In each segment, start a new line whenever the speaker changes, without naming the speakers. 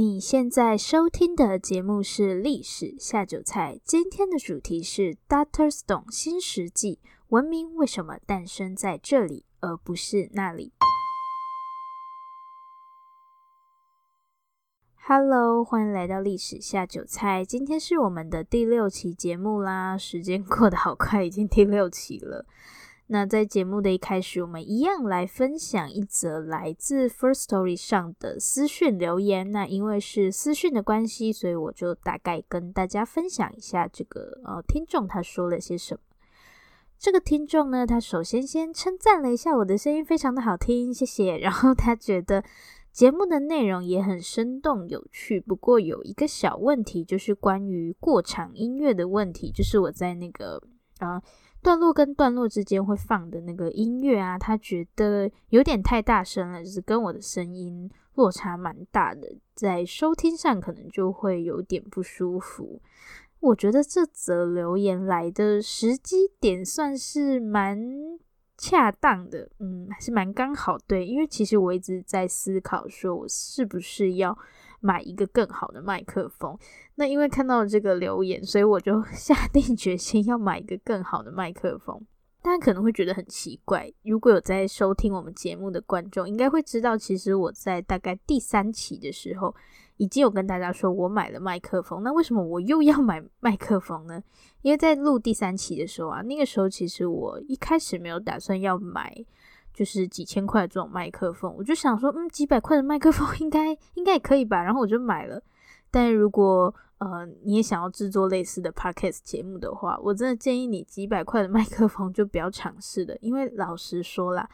你現在收聽的節目是《歷史下酒菜》，今天的主題是 Dr. Stone 新石紀，文明為什麼誕生在這裡，而不是那裡？Hello，歡迎來到《歷史下酒菜》，今天是我們的第六期節目啦，時間過得好快，已經第六期了。那在節目的一開始，我們一樣來分享一則來自 First Story 上的私訊留言。那因為是私訊的關係，所以我就大概跟大家分享一下這個呃、哦、聽眾他說了些什麼。這個聽眾呢，他首先先稱讚了一下我的聲音非常的好聽，謝謝。然後他覺得節目的內容也很生動有趣，不過有一個小問題，就是關於過場音樂的問題，就是我在那個。嗯，段落跟段落之間會放的那個音樂啊，他覺得有點太大聲了，就是跟我的聲音落差蠻大的，在收聽上可能就會有點不舒服。我覺得這則留言來的時機點算是蠻恰當的，嗯，還是蠻剛好對，因為其實我一直在思考，說我是不是要。買一個更好的麥克風。那因為看到了這個留言，所以我就下定決心要買一個更好的麥克風。大家可能會覺得很奇怪，如果有在收聽我們節目的觀眾，應該會知道，其實我在大概第三期的時候，已經有跟大家說我買了麥克風。那為什麼我又要買麥克風呢？因為在錄第三期的時候啊，那個時候其實我一開始沒有打算要買。就是幾千塊這種麥克風，我就想說，嗯，幾百塊的麥克風應該應該也可以吧。然後我就買了。但如果呃你也想要製作類似的 Podcast 節目的話，我真的建議你幾百塊的麥克風就不要嘗試了，因為老實說啦，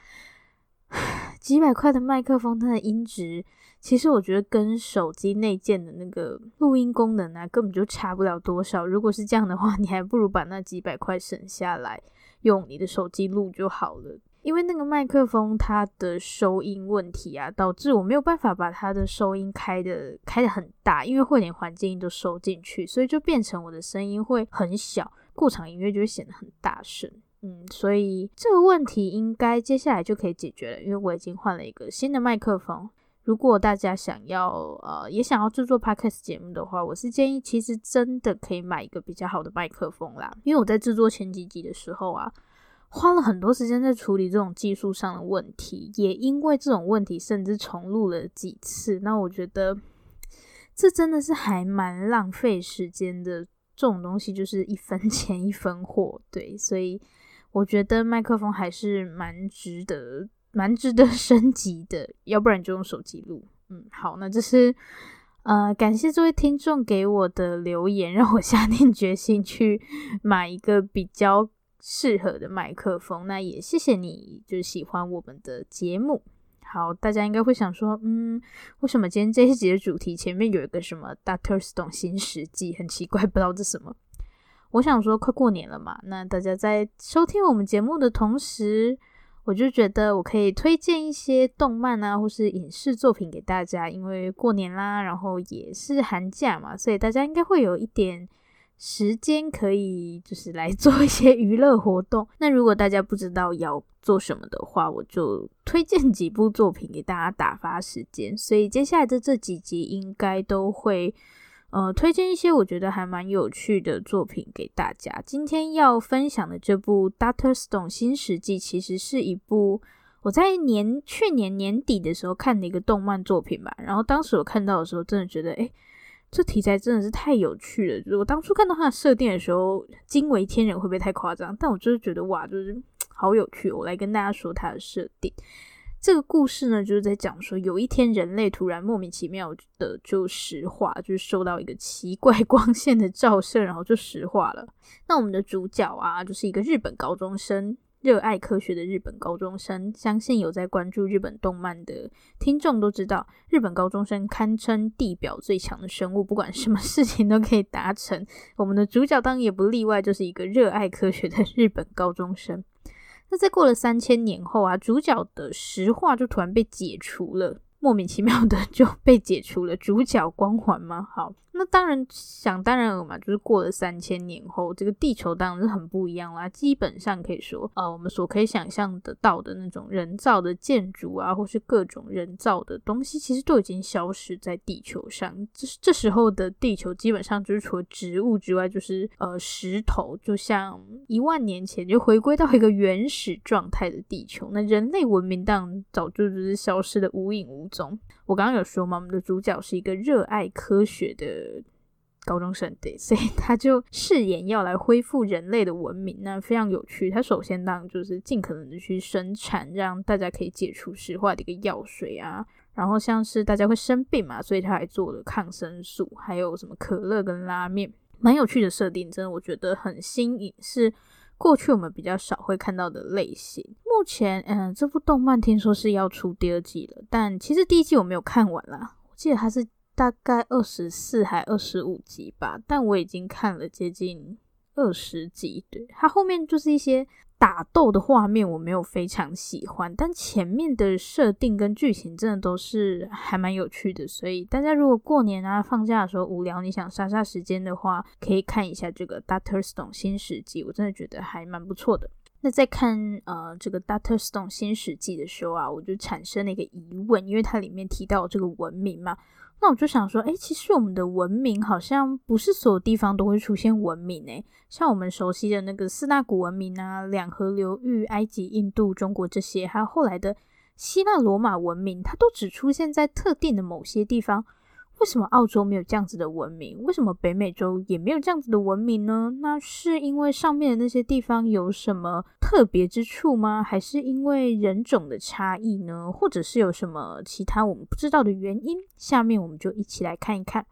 幾百塊的麥克風它的音質，其實我覺得跟手機內建的那個錄音功能啊，根本就差不了多少。如果是這樣的話，你還不如把那幾百塊省下來，用你的手機錄就好了。因為那個麥克風它的收音問題啊，導致我沒有辦法把它的收音開得開得很大，因為會連環境音都收進去，所以就變成我的聲音會很小，過場音樂就會顯得很大聲。嗯，所以這個問題應該接下來就可以解決了，因為我已經換了一個新的麥克風。如果大家想要，呃，也想要制作 Podcast 節目的話，我是建議其實真的可以買一個比較好的麥克風啦，因為我在制作前幾集的時候啊。花了很多時間在處理這種技術上的問題，也因為這種問題，甚至重錄了幾次。那我覺得這真的是還蠻浪費時間的。這種東西就是一分錢一分貨，對，所以我覺得麥克風還是蠻值得、蠻值得升級的。要不然就用手機錄。嗯，好，那這是，呃，感謝這位聽眾給我的留言，讓我下定決心去買一個比較。適合的麥克風，那也謝謝你，就是喜歡我們的節目。好，大家應該會想說，嗯，為什麼今天這一集的主題前面有一個什麼《Doctor Stone 新石紀》，很奇怪，不知道這什麼。我想說，快過年了嘛，那大家在收聽我們節目的同時，我就覺得我可以推薦一些動漫啊，或是影視作品給大家，因為過年啦，然後也是寒假嘛，所以大家應該會有一點。時間可以就是來做一些娛樂活動。那如果大家不知道要做什麼的話，我就推薦幾部作品給大家打發時間。所以接下來的這幾集應該都會呃推薦一些我覺得還蠻有趣的作品給大家。今天要分享的這部《Dr. Stone 新石紀》其實是一部我在年去年年底的時候看的一個動漫作品吧。然後當時我看到的時候，真的覺得誒這題材真的是太有趣了！如果當初看到它的設定的時候，驚為天人會不會太誇張？但我就是覺得哇，就是好有趣哦！我來跟大家說它的設定。這個故事呢，就是在講說，有一天人類突然莫名其妙的就石化，就是受到一個奇怪光線的照射，然後就石化了。那我們的主角啊，就是一個日本高中生。熱愛科學的日本高中生，相信有在關注日本動漫的聽眾都知道，日本高中生堪稱地表最強的生物，不管什麼事情都可以達成。我們的主角當然也不例外，就是一個熱愛科學的日本高中生。那在過了三千年後啊，主角的石化就突然被解除了，莫名其妙的就被解除了，主角光環嗎？好。那當然，想當然耳嘛，就是過了三千年後，這個地球當然是很不一樣啦。基本上可以說，呃，我們所可以想象得到的那種人造的建築啊，或是各種人造的東西，其實都已經消失在地球上。就是這時候的地球，基本上就是除了植物之外，就是呃石頭，就像一萬年前，就回歸到一個原始狀態的地球。那人類文明當然早就就是消失的無影無蹤。我剛剛有說嘛，我們的主角是一個熱愛科學的高中生，對，所以他就誓言要來恢復人類的文明，那非常有趣。他首先當然就是盡可能的去生產，讓大家可以解除石化的一個藥水啊，然後像是大家會生病嘛，所以他還做了抗生素，還有什麼可樂跟拉麵，蠻有趣的設定，真的我覺得很新穎，是。過去我們比較少會看到的類型。目前，嗯、呃，這部動漫聽說是要出第二季了，但其實第一季我沒有看完啦，我記得還是大概二十四還二十五集吧，但我已經看了接近二十集，對，它後面就是一些。打鬥的畫面我沒有非常喜歡，但前面的設定跟劇情真的都是還蠻有趣的，所以大家如果過年啊放假的時候無聊，你想殺殺時間的話，可以看一下這個《Dr. Stone 新石紀》，我真的覺得還蠻不錯的。那在看呃這個《Dr. Stone 新石紀》的時候啊，我就產生了一個疑問，因為它裡面提到這個文明嘛。那我就想說，誒、欸，其實我們的文明好像不是所有地方都會出現文明誒、欸，像我們熟悉的那個四大古文明啊，兩河流域、埃及、印度、中國這些，還有後來的希臘、羅馬文明，它都只出現在特定的某些地方。為什麼澳洲沒有這樣子的文明？為什麼北美洲也沒有這樣子的文明呢？那是因為上面的那些地方有什麼特別之處嗎？還是因為人種的差異呢？或者是有什麼其他我們不知道的原因？下面我們就一起來看一看，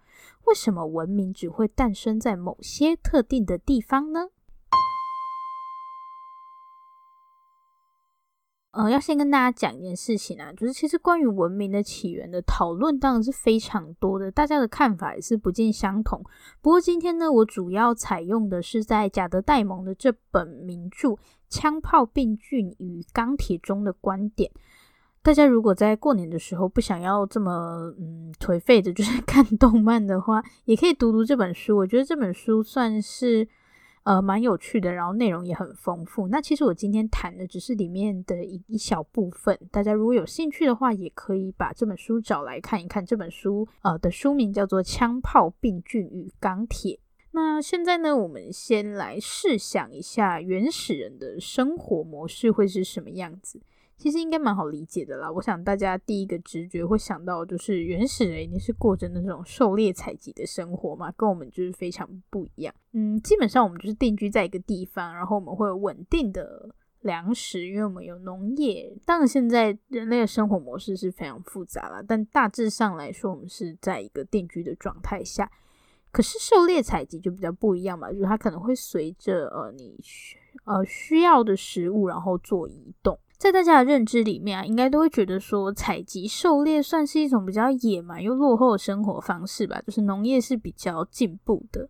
為什麼文明只會誕生在某些特定的地方呢？呃，要先跟大家講一件事情啊，就是其實關於文明的起源的討論當然是非常多的，大家的看法也是不盡相同。不過今天呢，我主要採用的是在賈德·戴蒙的這本名著《槍炮、病菌與鋼鐵》中的觀點。大家如果在過年的時候不想要這麼，嗯，頹廢的，就是看動漫的話，也可以讀讀這本書。我覺得這本書算是。呃，蠻有趣的，然後內容也很豐富。那其實我今天談的只是裡面的一一小部分，大家如果有興趣的話，也可以把這本書找來看一看。這本書呃的書名叫做《槍炮、病菌與鋼鐵》。那現在呢，我們先來試想一下原始人的生活模式會是什麼樣子。其實應該蠻好理解的啦。我想大家第一個直覺會想到，就是原始人一定是過着那種狩獵採集的生活嘛，跟我們就是非常不一樣。嗯，基本上我們就是定居在一個地方，然後我們會有穩定的糧食，因為我們有農業。當然，現在人類的生活模式是非常複雜了，但大致上來說，我們是在一個定居的狀態下。可是狩獵採集就比較不一樣嘛，就是它可能會隨着呃你需呃需要的食物，然後做移動。在大家的認知裡面啊，應該都會覺得說，採集狩獵算是一種比較野蠻又落後的生活方式吧，就是農業是比較進步的，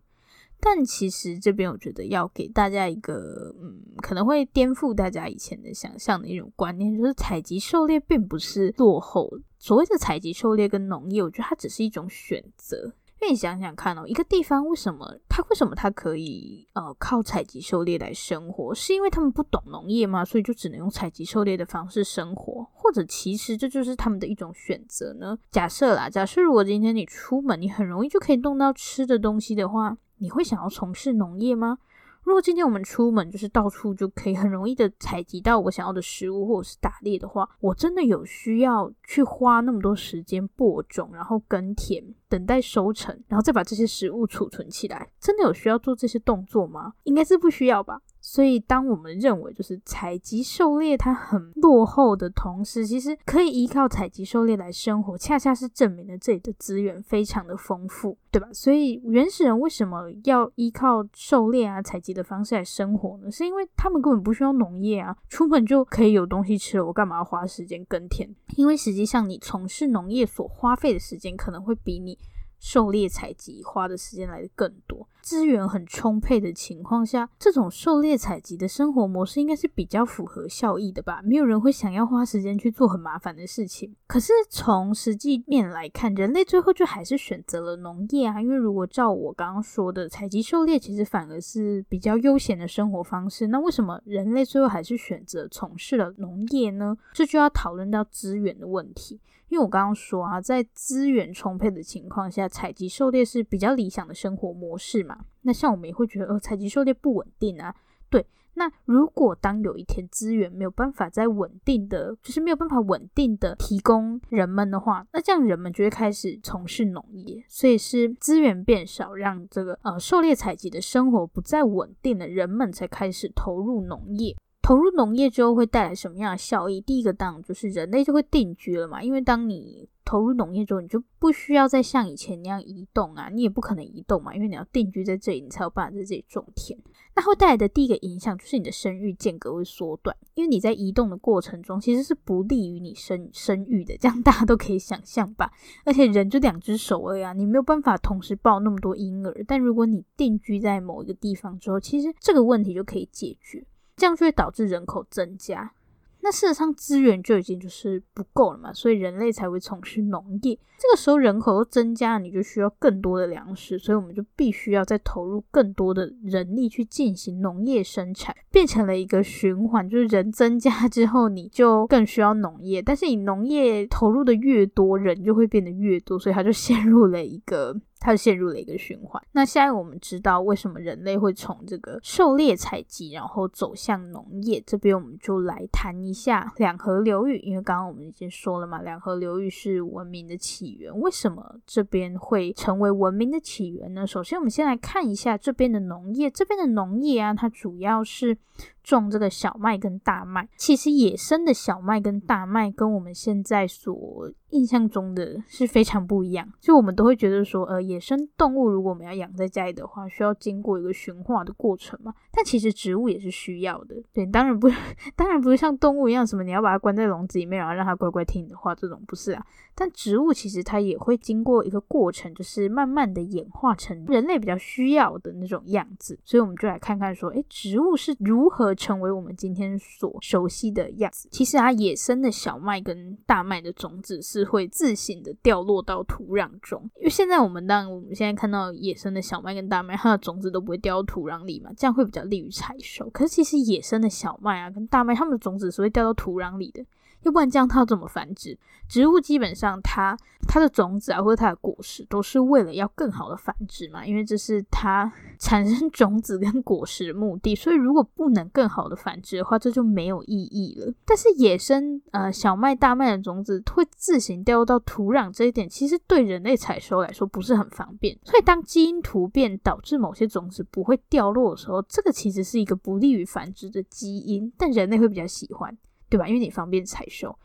但其實這邊我覺得要給大家一個，嗯，可能會顛覆大家以前的想象的一種觀念，就是採集狩獵並不是落後。所謂的採集狩獵跟農業，我覺得它只是一種選擇。那你想想看哦，一個地方為什麼他為什麼他可以呃靠採集狩獵來生活？是因為他們不懂農業嗎？所以就只能用採集狩獵的方式生活。或者其實這就是他們的一種選擇呢？假設啦，假設如果今天你出門，你很容易就可以弄到吃的東西的話，你會想要從事農業嗎？如果今天我們出門就是到處就可以很容易的採集到我想要的食物，或者是打獵的話，我真的有需要去花那麼多時間播種，然後耕田、等待收成，然後再把這些食物儲存起來？真的有需要做這些動作嗎？應該是不需要吧。所以，當我們認為就是採集狩獵它很落後的同時，其實可以依靠採集狩獵來生活，恰恰是證明了這裡的資源非常的豐富，對吧？所以原始人為什麼要依靠狩獵啊、採集的方式來生活呢？是因為他們根本不需要農業啊，出門就可以有東西吃了，我幹嘛要花時間耕田？因為實際上你從事農業所花費的時間可能會比你。狩獵採集花的時間來的更多，資源很充沛的情況下，這種狩獵採集的生活模式應該是比較符合效益的吧？沒有人會想要花時間去做很麻煩的事情。可是從實際面來看，人類最後就還是選擇了農業啊，因為如果照我剛剛說的，採集狩獵其實反而是比較悠閒的生活方式，那為什麼人類最後還是選擇從事了農業呢？這就要討論到資源的問題。因為我剛剛說啊，在資源充沛的情況下，採集狩獵是比較理想的生活模式嘛。那像我們也會覺得，呃，採集狩獵不穩定啊。對，那如果當有一天資源沒有辦法再穩定的，就是沒有辦法穩定的提供人們的話，那這樣人們就會開始從事農業。所以是資源變少，讓這個呃狩獵採集的生活不再穩定了，人們才開始投入農業。投入農業之後會帶來什麼樣的效益？第一個當然就是人類就會定居了嘛，因為當你投入農業之後，你就不需要再像以前那樣移動啊，你也不可能移動嘛，因為你要定居在這裡，你才有辦法在這裡種田。那會帶來的第一個影響就是你的生育間隔會縮短，因為你在移動的過程中其實是不利於你生生育的，這樣大家都可以想象吧。而且人就兩隻手而已啊，你沒有辦法同時抱那麼多嬰兒。但如果你定居在某一個地方之後，其實這個問題就可以解決。這樣就會導致人口增加，那事實上資源就已經就是不夠了嘛，所以人類才會從事農業。這個時候人口又增加了，你就需要更多的糧食，所以我們就必須要再投入更多的人力去進行農業生產，變成了一個循環。就是人增加之後，你就更需要農業，但是你農業投入的越多，人就會變得越多，所以它就陷入了一個。它陷入了一個循環。那現在我們知道為什麼人類會從這個狩獵採集，然後走向農業。這邊我們就來談一下兩河流域，因為剛剛我們已經說了嘛，兩河流域是文明的起源。為什麼這邊會成為文明的起源呢？首先，我們先來看一下這邊的農業。這邊的農業啊，它主要是。種這個小麥跟大麥，其實野生的小麥跟大麥跟我們現在所印象中的是非常不一樣。就我們都會覺得說，呃，野生動物如果我們要養在家裡的話，需要經過一個馴化的過程嘛。但其實植物也是需要的。對，當然不，當然不是像動物一樣，什麼你要把它關在籠子裡面，然後讓它乖乖聽你的話，這種不是啊。但植物其實它也會經過一個過程，就是慢慢的演化成人類比較需要的那種樣子。所以我們就來看看說，誒，植物是如何成為我們今天所熟悉的樣子。其實它野生的小麥跟大麥的種子是會自行的掉落到土壤中。因為現在我們當，我們現在看到野生的小麥跟大麥，它的種子都不會掉到土壤裡嘛，這樣會比較利於採收。可是其實野生的小麥啊，跟大麥，它們的種子是會掉到土壤裡的。要不然這樣它要怎麼繁殖？植物基本上它它的種子啊或者它的果實都是為了要更好的繁殖嘛，因為這是它產生種子跟果實的目的，所以如果不能更好的繁殖的話，這就沒有意義了。但是野生呃小麥、大麥的種子會自行掉落到土壤這一點，其實對人類採收來說不是很方便。所以當基因突變導致某些種子不會掉落的時候，這個其實是一個不利於繁殖的基因，但人類會比較喜歡。對吧？因為你方便採收，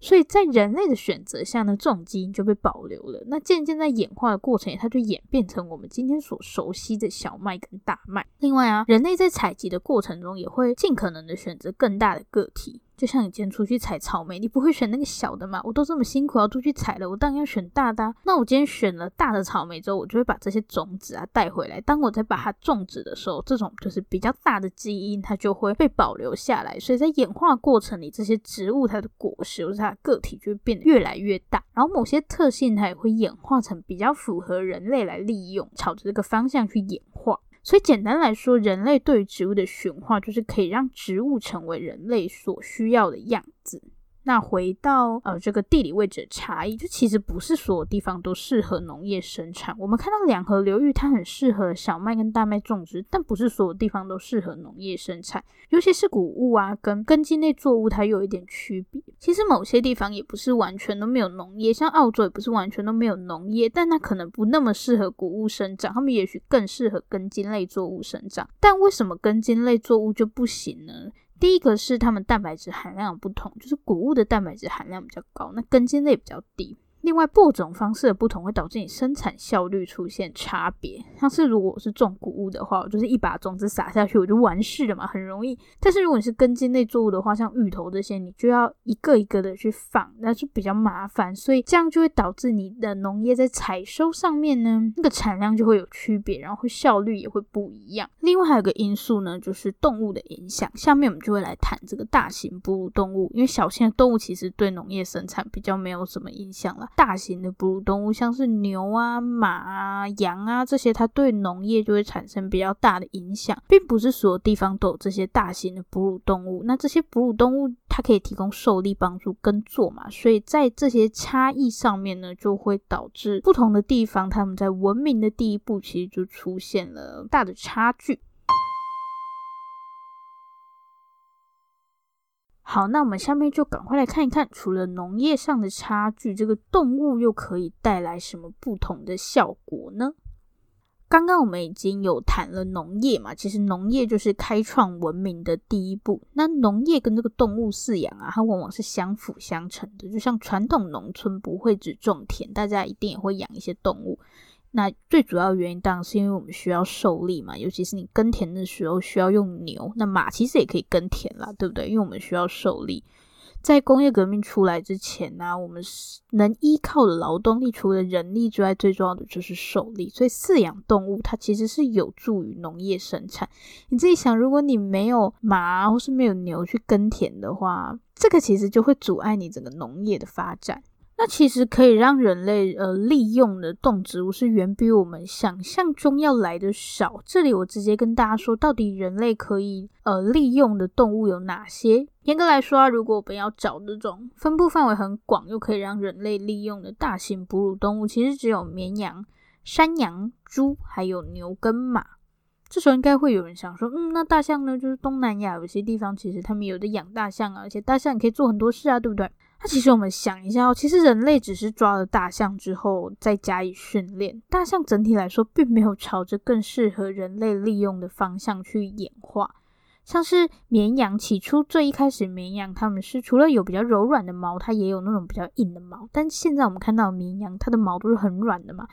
所以在人類的選擇下呢，這種基因就被保留了。那漸漸在演化的過程，它就演變成我們今天所熟悉的小麥跟大麥。另外啊，人類在採集的過程中，也會盡可能的選擇更大的個體。就像你今天出去採草莓，你不會選那個小的嘛？我都這麼辛苦要出去採了，我當然要選大的啊。那我今天選了大的草莓之後，我就會把這些種子啊帶回來。當我再把它種植的時候，這種就是比較大的基因，它就會被保留下來。所以在演化過程裡，這些植物它的果實或者它的個體就會變得越來越大。然後某些特性它也會演化成比較符合人類來利用，朝着這個方向去演化。所以簡單來說，人類對於植物的馴化，就是可以讓植物成為人類所需要的樣子。那回到呃這個地理位置的差異，就其實不是所有地方都適合農業生產。我們看到兩河流域它很適合小麥跟大麥種植，但不是所有地方都適合農業生產，尤其是穀物啊跟根莖類作物它有一點區別。其實某些地方也不是完全都沒有農業，像澳洲也不是完全都沒有農業，但它可能不那麼適合穀物生長，它們也許更適合根莖類作物生長。但為什麼根莖類作物就不行呢？第一個是它們蛋白質含量不同，就是穀物的蛋白質含量比較高，那根莖類比較低。另外，播種方式的不同會導致你生產效率出現差別。像是如果我是種穀物的話，我就是一把種子撒下去，我就完事了嘛，很容易。但是如果你是根莖類作物的話，像芋頭這些，你就要一個一個的去放，那就比較麻煩。所以這樣就會導致你的農業在採收上面呢，那個產量就會有區別，然後效率也會不一樣。另外還有一個因素呢，就是動物的影響。下面我們就會來談這個大型哺乳動物，因為小型的動物其實對農業生產比較沒有什麼影響啦。大型的哺乳動物，像是牛啊、馬啊、羊啊這些，它對農業就會產生比較大的影響。並不是所有地方都有這些大型的哺乳動物。那這些哺乳動物，它可以提供獸力幫助耕作嘛？所以在這些差異上面呢，就會導致不同的地方，它們在文明的第一步，其實就出現了大的差距。好，那我們下面就趕快來看一看，除了農業上的差距，這個動物又可以帶來什麼不同的效果呢？剛剛我們已經有談了農業嘛，其實農業就是開創文明的第一步。那農業跟這個動物飼養啊，它往往是相輔相成的。就像傳統農村不會只種田，大家一定也會養一些動物。那最主要原因當然是因為我們需要獸力嘛，尤其是你耕田的時候需要用牛，那馬其實也可以耕田啦，對不對？因為我們需要獸力。在工業革命出來之前呢、啊，我們能依靠的勞動力除了人力之外，最重要的就是獸力。所以飼養動物它其實是有助於農業生產。你自己想，如果你沒有馬或是沒有牛去耕田的話，這個其實就會阻礙你整個農業的發展。那其實可以讓人類呃利用的動植物是遠比我們想象中要來的少。這裡我直接跟大家說，到底人類可以呃利用的動物有哪些？嚴格來說啊，如果我們要找這種分布範圍很廣又可以讓人類利用的大型哺乳動物，其實只有綿羊、山羊、豬，還有牛跟馬。這時候應該會有人想說，嗯，那大象呢？就是東南亞有些地方其實他們有的養大象啊，而且大象你可以做很多事啊，對不對？那，啊，其實我們想一下喔，哦，其實人類只是抓了大象之後再加以訓練，大象整體來說並沒有朝着更適合人類利用的方向去演化。像是綿羊，起初最一開始，綿羊它們是除了有比較柔軟的毛，它也有那種比較硬的毛，但現在我們看到綿羊，它的毛都是很軟的嘛，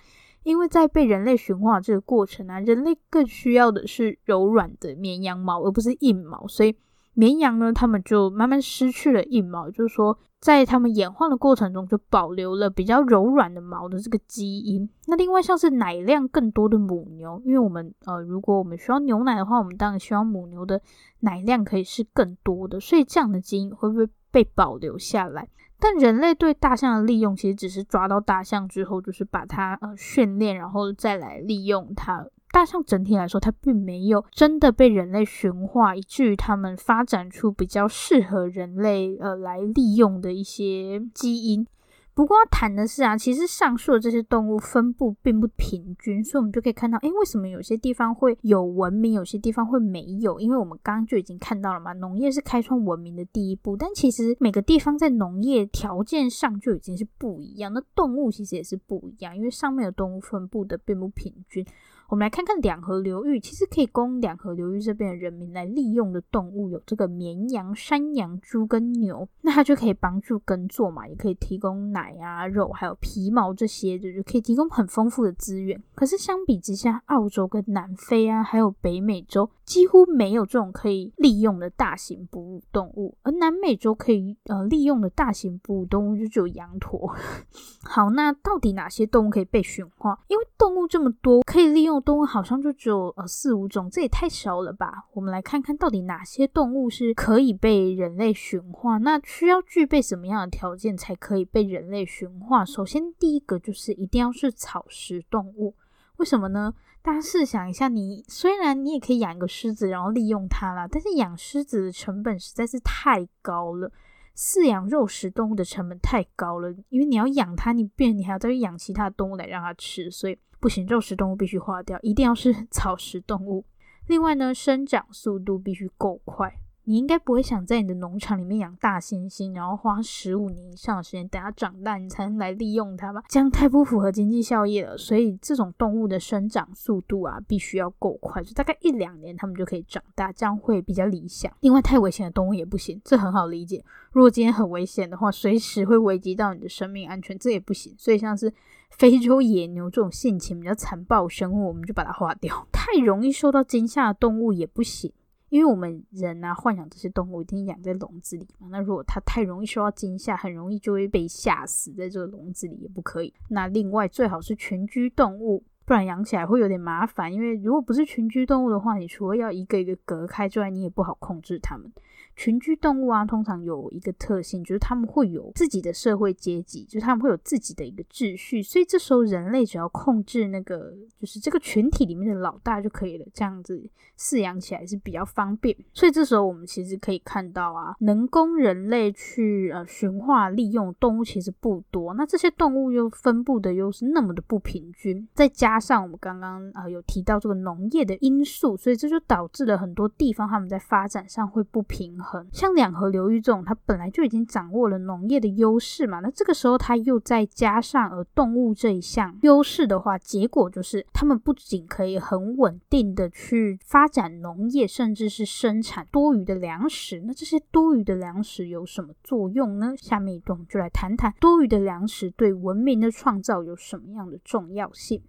因為在被人類馴化這個過程啊，人類更需要的是柔軟的綿羊毛，而不是硬毛，所以。綿羊呢，它們就慢慢失去了硬毛，就是說，在它們演化的過程中就保留了比較柔軟的毛的這個基因。那另外像是奶量更多的母牛，因為我們呃，如果我們需要牛奶的話，我們當然希望母牛的奶量可以是更多的，所以這樣的基因會不會被保留下來？但人類對大象的利用其實只是抓到大象之後，就是把它呃訓練，然後再來利用它。大象整體來說，它並沒有真的被人類馴化，以至於它們發展出比較適合人類呃來利用的一些基因。不過要談的是啊，其實上述的這些動物分布並不平均，所以我們就可以看到，誒，為什麼有些地方會有文明，有些地方會沒有？因為我們剛剛就已經看到了嘛，農業是開創文明的第一步，但其實每個地方在農業條件上就已經是不一樣，那動物其實也是不一樣，因為上面的動物分布的並不平均。我們來看看兩河流域，其實可以供兩河流域這邊的人民來利用的動物有這個綿羊、山羊、豬跟牛，那它就可以幫助耕作嘛，也可以提供奶啊、肉，還有皮毛這些，就可以提供很豐富的資源。可是相比之下，澳洲跟南非啊，還有北美洲。幾乎沒有這種可以利用的大型哺乳動物，而南美洲可以呃利用的大型哺乳動物就只有羊駝。 好，那到底哪些動物可以被馴化？因為動物這麼多，可以利用的動物好像就只有呃四五種，這也太少了吧？我們來看看到底哪些動物是可以被人類馴化，那需要具備什麼樣的條件才可以被人類馴化？首先，第一個就是一定要是草食動物，為什麼呢？大家試想一下你，你雖然你也可以養一個獅子，然後利用它啦，但是養獅子的成本實在是太高了。飼養肉食動物的成本太高了，因為你要養它，你變你還要再去養其他動物來讓它吃，所以不行，肉食動物必須化掉，一定要是草食動物。另外呢，生長速度必須夠快。你應該不會想在你的農場裡面養大猩猩，然後花十五年以上的時間等它長大，你才能來利用它吧？這樣太不符合經濟效益了。所以這種動物的生長速度啊，必須要夠快，就大概一兩年它們就可以長大，這樣會比較理想。另外，太危險的動物也不行，這很好理解。如果今天很危險的話，隨時會危及到你的生命安全，這也不行。所以像是非洲野牛這種性情比較殘暴的生物，我們就把它劃掉。太容易受到驚嚇的動物也不行。因為我們人啊，豢養這些動物一定養在籠子裡嘛。那如果它太容易受到驚嚇，很容易就會被嚇死在這個籠子裡，也不可以。那另外最好是群居動物，不然養起來會有點麻煩。因為如果不是群居動物的話，你除了要一個一個隔開之外，你也不好控制它們。群居動物啊，通常有一個特性，就是它們會有自己的社會階級，就是它們會有自己的一個秩序。所以這時候人類只要控制那個，就是這個群體裡面的老大就可以了，這樣子飼養起來是比較方便。所以這時候我們其實可以看到啊，能供人類去呃馴化利用動物其實不多。那這些動物又分布的又是那麼的不平均，再加上我們剛剛呃有提到這個農業的因素，所以這就導致了很多地方他們在發展上會不平衡。像兩河流域這種，它本來就已經掌握了農業的優勢嘛，那這個時候它又再加上而動物這一項優勢的話，結果就是他們不僅可以很穩定的去發展農業，甚至是生產多餘的糧食。那這些多餘的糧食有什麼作用呢？下面一段我們就來談談多餘的糧食對文明的創造有什麼樣的重要性。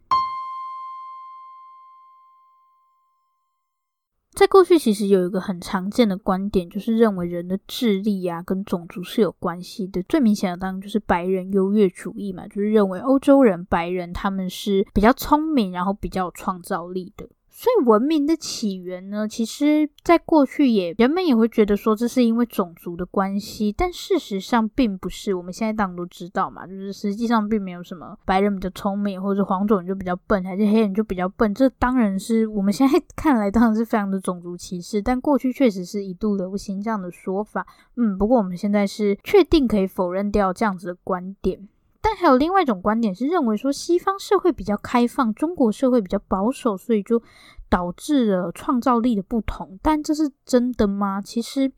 在過去，其實有一個很常見的觀點，就是認為人的智力啊跟種族是有關係的。最明顯的當然就是白人優越主義嘛，就是認為歐洲人、白人他們是比較聰明，然後比較有創造力的。所以文明的起源呢，其實在過去也人們也會覺得說，這是因為種族的關係，但事實上並不是。我們現在大家都知道嘛，就是實際上並沒有什麼白人比較聰明，或者黃種人就比較笨，還是黑人就比較笨。這當然是我們現在看來當然是非常的種族歧視，但過去確實是一度流行這樣的說法。嗯，不過我們現在是確定可以否認掉這樣子的觀點。但還有另外一種觀點是認為說西方社會比較開放，中國社會比較保守，所以就導致了創造力的不同。但這是真的嗎？其實，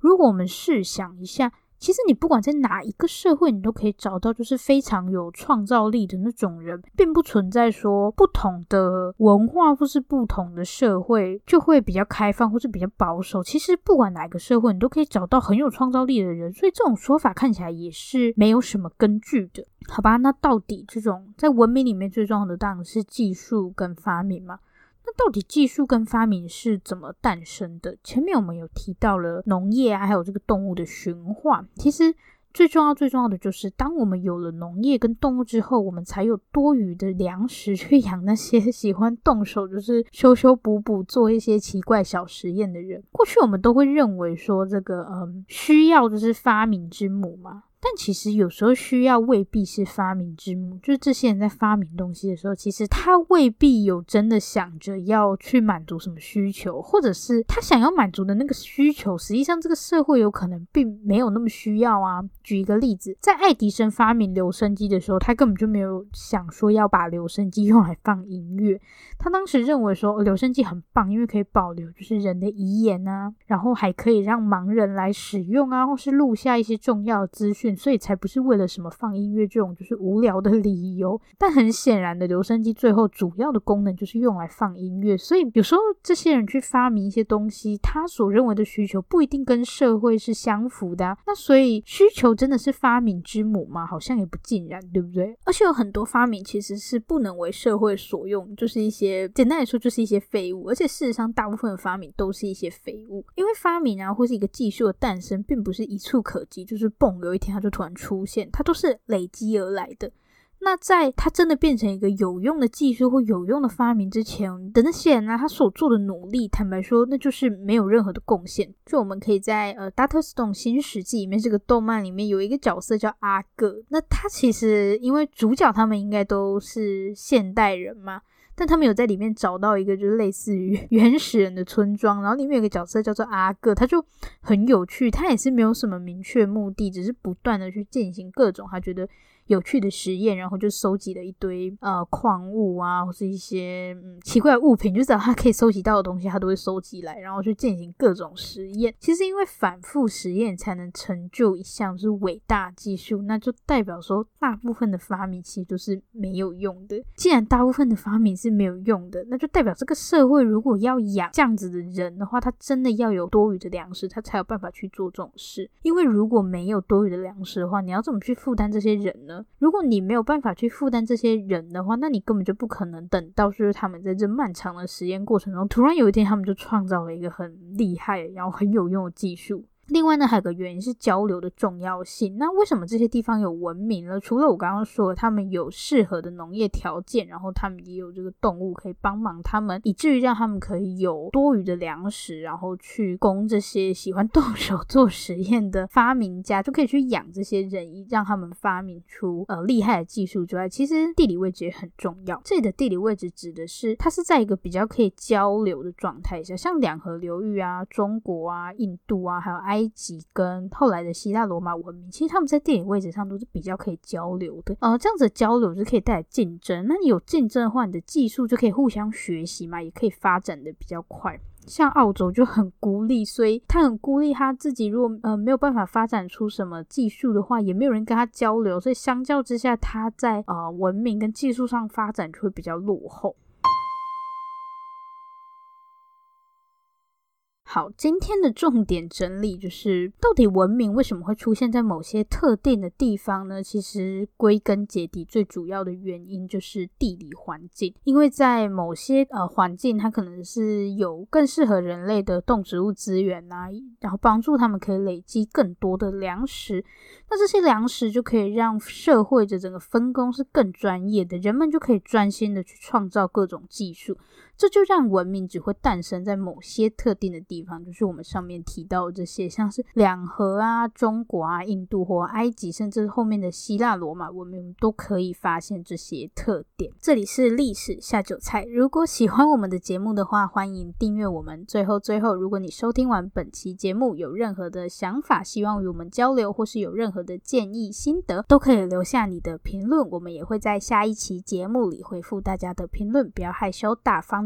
如果我們試想一下。其實你不管在哪一個社會，你都可以找到就是非常有創造力的那種人，並不存在說不同的文化或是，不同的社會就會比較開放或是比較保守。其實不管哪一個社會，你都可以找到很有創造力的人，所以這種說法看起來也是沒有什麼根據的，好吧？那到底這種在文明裡面最重要的當然是技術跟發明嗎？那到底技術跟發明是怎麼誕生的？前面我們有提到了農業啊，還有這個動物的馴化。其實最重要、最重要的就是，當我們有了農業跟動物之後，我們才有多餘的糧食去養那些喜歡動手，就是修修補補、補、做一些奇怪小實驗的人。過去我們都會認為說，這個嗯，需要就是發明之母嘛。但其實有時候需要未必是發明之母，就是這些人在發明東西的時候，其實他未必有真的想着要去滿足什麼需求，或者是他想要滿足的那個需求，實際上這個社會有可能並沒有那麼需要啊。舉一個例子，在愛迪生發明留聲機的時候，他根本就沒有想說要把留聲機用來放音樂。他當時認為說留聲機很棒，因為可以保留就是人的遺言啊，然後還可以讓盲人來使用啊，或是錄下一些重要的資訊。所以才不是為了什麼放音樂這種就是無聊的理由。但很顯然的，留聲機最後主要的功能就是用來放音樂。所以有時候這些人去發明一些東西，他所認為的需求不一定跟社會是相符的啊。那所以需求真的是發明之母嗎？好像也不盡然，對不對？而且有很多發明其實是不能為社會所用，就是一些簡單來說就是一些廢物。而且事實上，大部分的發明都是一些廢物，因為發明啊或是一個技術的誕生，並不是一觸可及，就是嘣，有一天。他就突然出現，他都是累積而來的。那在他真的變成一個有用的技術或有用的發明之前，的那些人啊，他所做的努力，坦白說，那就是沒有任何的貢獻。就我們可以在呃，《Dr. STONE 新石紀》裡面這個動漫裡面有一個角色叫阿哥，那他其實因為主角他們應該都是現代人嘛。但他們有在裡面找到一個，就是類似於原始人的村莊，然後裡面有個角色叫做阿個，他就很有趣，他也是沒有什麼明確目的，只是不斷的去進行各種，他覺得。有趣的實驗，然後就收集了一堆呃礦物啊，或是一些嗯奇怪的物品，就只要他可以收集到的東西，他都會收集來，然後去進行各種實驗。其實因為反覆實驗才能成就一項是偉大技術，那就代表說大部分的發明其實都是沒有用的。既然大部分的發明是沒有用的，那就代表這個社會如果要養這樣子的人的話，他真的要有多餘的糧食，他才有辦法去做這種事。因為如果沒有多餘的糧食的話，你要怎麼去負擔這些人呢？如果你沒有辦法去負擔這些人的話，那你根本就不可能等到，就是他們在這漫長的實驗過程中，突然有一天他們就創造了一個很厲害，然後很有用的技術。另外呢，還有個原因是交流的重要性。那為什麼這些地方有文明呢？除了我剛剛說他們有適合的農業條件，然後他們也有這個動物可以幫忙他們，以至於讓他們可以有多餘的糧食，然後去供這些喜歡動手做實驗的發明家，就可以去養這些人，讓他們發明出呃厲害的技術之外，其實地理位置也很重要。這裡的地理位置指的是它是在一個比較可以交流的狀態下，像兩河流域啊、中國啊、印度啊，還有埃。埃及跟後來的希臘、羅馬文明，其實他們在地理位置上都是比較可以交流的。呃，這樣子交流就可以帶來競爭。那你有競爭的話，你的技術就可以互相學習嘛，也可以發展得比較快。像澳洲就很孤立，所以他很孤立他自己。如果呃沒有辦法發展出什麼技術的話，也沒有人跟他交流，所以相較之下，他在呃文明跟技術上發展就會比較落後。好，今天的重點整理就是，到底文明為什麼會出現在某些特定的地方呢？其實歸根結底，最主要的原因就是地理環境，因為在某些呃環境，它可能是有更適合人類的動植物資源吶、啊，然後幫助他們可以累積更多的糧食，那這些糧食就可以讓社會的整個分工是更專業的，人們就可以專心的去創造各種技術。這就讓文明只會誕生在某些特定的地方，就是我們上面提到的這些，像是兩河啊、中國啊、印度或埃及，甚至後面的希臘、羅馬文明都可以發現這些特點。這裡是歷史下酒菜。如果喜歡我們的節目的話，歡迎訂閱我們。最後最後，如果你收聽完本期節目有任何的想法，希望與我們交流，或是有任何的建議、心得，都可以留下你的評論，我們也會在下一期節目裡回復大家的評論。不要害羞，大方